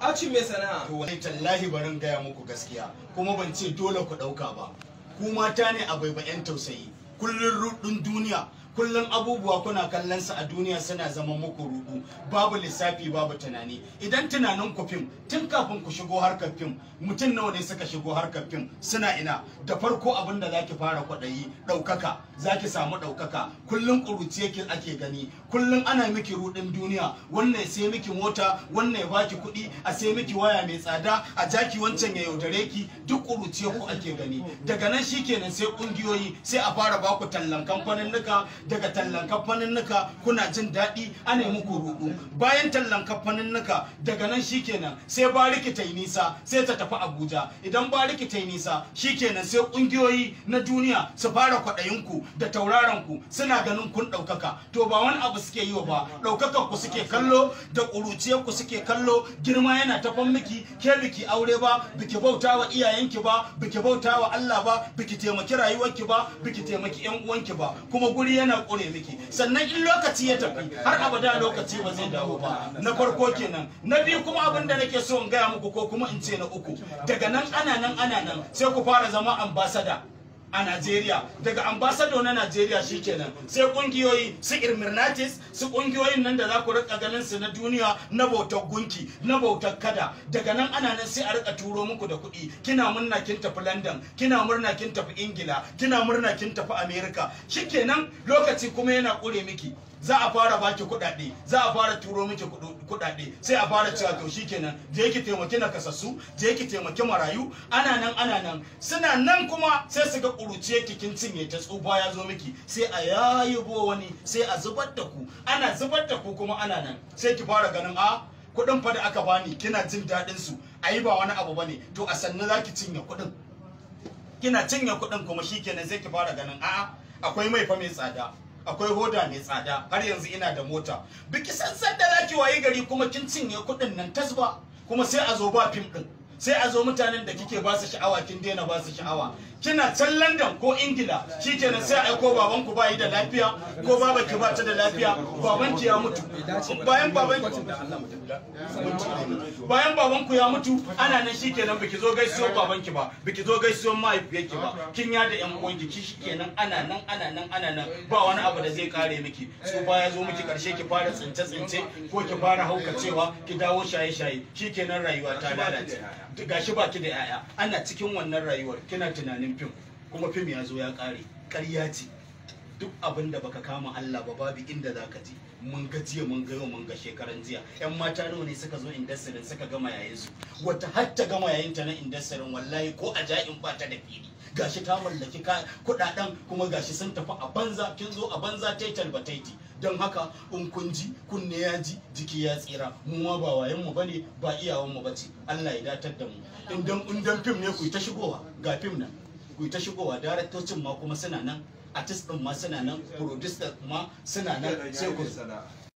a Aci mai sana'a. To wani tallahi barin gaya muku gaskiya kuma ban ce dole ku ɗauka ba. Ku mata ne a bai yan tausayi kullum ruɗin duniya kullum abubuwa kuna kallon sa a duniya suna zama muku ruɗu babu lissafi babu tunani idan tunanin ku fim tun kafin ku shigo harkar fim mutum nawa ne suka shigo harkar fim suna ina da farko abin da zaki fara kwaɗayi ɗaukaka zaki samu ɗaukaka kullum ƙuruci yake ake gani kullum ana miki ruɗin duniya wannan sai miki mota wannan ya baki kuɗi a sai miki waya mai tsada a jaki wancan ya yaudare ki duk ƙuruci ku ake gani daga nan shikenan sai ƙungiyoyi sai a fara baku tallan kamfanin nuka daga tallan nuka kuna jin daɗi ana muku roƙo bayan tallan nuka daga nan shikenan sai bariki ta yi nisa sai ta tafi abuja idan bariki ta yi nisa shikenan sai ƙungiyoyi na duniya su fara ku da tauraron ku suna ganin kun ɗaukaka to ba wani abu suke yi ba ɗaukakar ku suke kallo da ƙuruciyar ku suke kallo girma yana tafan miki ke biki aure ba biki bauta wa iyayenki ba biki bauta wa Allah ba biki taimaki rayuwarki ba biki taimaki yan uwanki ba kuma guri yana yana kone miki sannan in lokaci ya tafi har abada lokaci ba zai dawo ba na farko kenan na biyu kuma abin da nake so in gaya muku ko kuma in ce na uku daga nan ana nan ana nan sai ku fara zama ambasada a Najeriya daga ambasado na Najeriya shikenan sai kungiyoyi su Irmirnatis su kungiyoyin nan da za ku rika ganin su na duniya na bautar gunki na bautar kada daga nan ana nan sai a rika turo muku da kuɗi kina murna kin tafi London kina murna kin tafi Ingila kina murna kin tafi America shikenan lokaci kuma yana kure miki za a fara baki kuɗaɗe za a fara turo miki kuɗaɗe sai a fara cewa to shikenan je ki taimaki kasassu je ki taimaki marayu ana nan ana nan suna nan kuma sai su ga ƙuruciyar ki kin cinye ta tsufa ya zo miki sai a yayibo wani sai a zubar da ku ana zubar da ku kuma ana nan sai ki fara ganin a ah, kuɗin fa da aka bani kina jin daɗin su ayi ba wani abu bane to a sanna za ki cinye kuɗin kina cinye kuɗin kuma shikenan sai ki fara ganin a akwai mai fa mai tsada akwai hoda mai tsada har yanzu ina da mota biki san san da zaki waye gari kuma kin cinye kuɗin nan tasba kuma sai a zo ba fim din sai a zo mutanen da kike ba su sha'awa kin daina ba su sha'awa kina can London ko Ingila shikenan sai a ko baban ku bayi da lafiya ko baba ki ba ta da lafiya baban ki ya mutu bayan baban bayan baban ku ya mutu ana nan shikenan biki zo gaisuwar baban ki ba biki zo gaisuwar mahaifiyar ki ba kin ya da yan uwan ki shikenan ana nan ana nan ana nan ba wani abu da zai kare miki su baya zo miki karshe ki fara tsince tsince ko ki fara haukacewa ki dawo shaye shaye shikenan rayuwa ta lalace gashi baki da yaya ana cikin wannan rayuwar kina tunanin fim kuma fim ya zo ya kare ƙarya ce duk abin da baka kama Allah ba babu inda zaka ji mun ga jiya mun ga yau mun ga shekaran jiya yan mata nawa ne suka zo indasirin suka gama yayin su wata har ta gama yayin ta na indasirin wallahi ko a ja'in ba ta da fili gashi ta mallaki kudaden kuma gashi sun tafi a banza kin zo a banza tai talbataiti don haka in kun ji kunne ya ji jiki ya tsira mu ma ba wayan mu bane ba iyawan mu bace Allah ya datar da mu idan in dan film ne ku ta shigowa ga film nan ku ta shigowa daraktocin ma kuma suna nan artist din ma suna nan producer ma suna nan sai ku